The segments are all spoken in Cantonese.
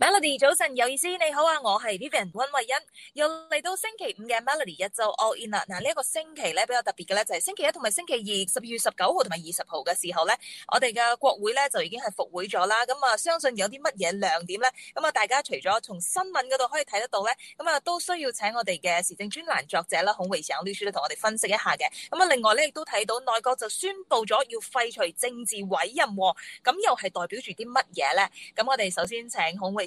Melody 早晨，有意思，你好啊，我係 Vivian 溫慧欣，又嚟到星期五嘅 Melody 一周 All In 啦。嗱，呢一個星期咧，比較特別嘅咧，就係星期一同埋星期二，十二月十九號同埋二十號嘅時候咧，我哋嘅國會咧就已經係復會咗啦。咁啊，相信有啲乜嘢亮點咧？咁啊，大家除咗從新聞嗰度可以睇得到咧，咁啊，都需要請我哋嘅時政專欄作者啦，孔慧祥律師咧同我哋分析一下嘅。咁啊，另外咧亦都睇到內閣就宣布咗要廢除政治委任，咁又係代表住啲乜嘢咧？咁我哋首先請孔慧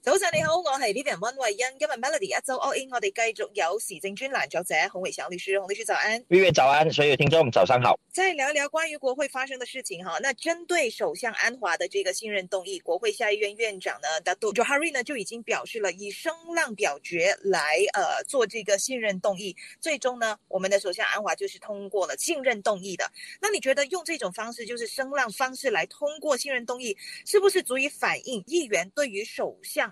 早上你好，我係 Vivian 溫慧欣。今日 Melody 一周 all in，我哋繼續有時政專欄作者、孔維祥律師，孔律師早安。Vivian 早安，所有聽眾早上好。再聊一聊關於國會發生的事情哈，那針對首相安華的這個信任動議，國會下議院院長呢，Dato Johari 呢就已經表示了以聲浪表決來，呃，做這個信任動議。最終呢，我們的首相安華就是通過了信任動議的。那你覺得用這種方式，就是聲浪方式來通過信任動議，是不是足以反映議，議員對於首相？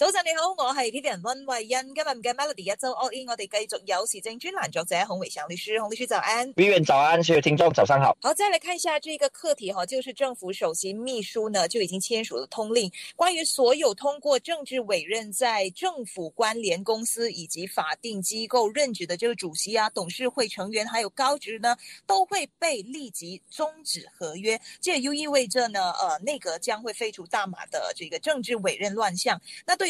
早晨你好，我係 TVB 温慧欣，今日嘅 Melody 一周 All In，我哋繼續有時政專欄作者洪偉祥、律師、洪律師早安 Vivian 早安，所有聽眾早上好。好，再來看一下這個課題哈，就是政府首席秘書呢就已經簽署了通令，關於所有通過政治委任在政府關聯公司以及法定機構任職的，就是主席啊、董事會成員，還有高職呢，都會被立即終止合約。這也意味着呢，呃，內閣將會廢除大馬的這個政治委任亂象。那對。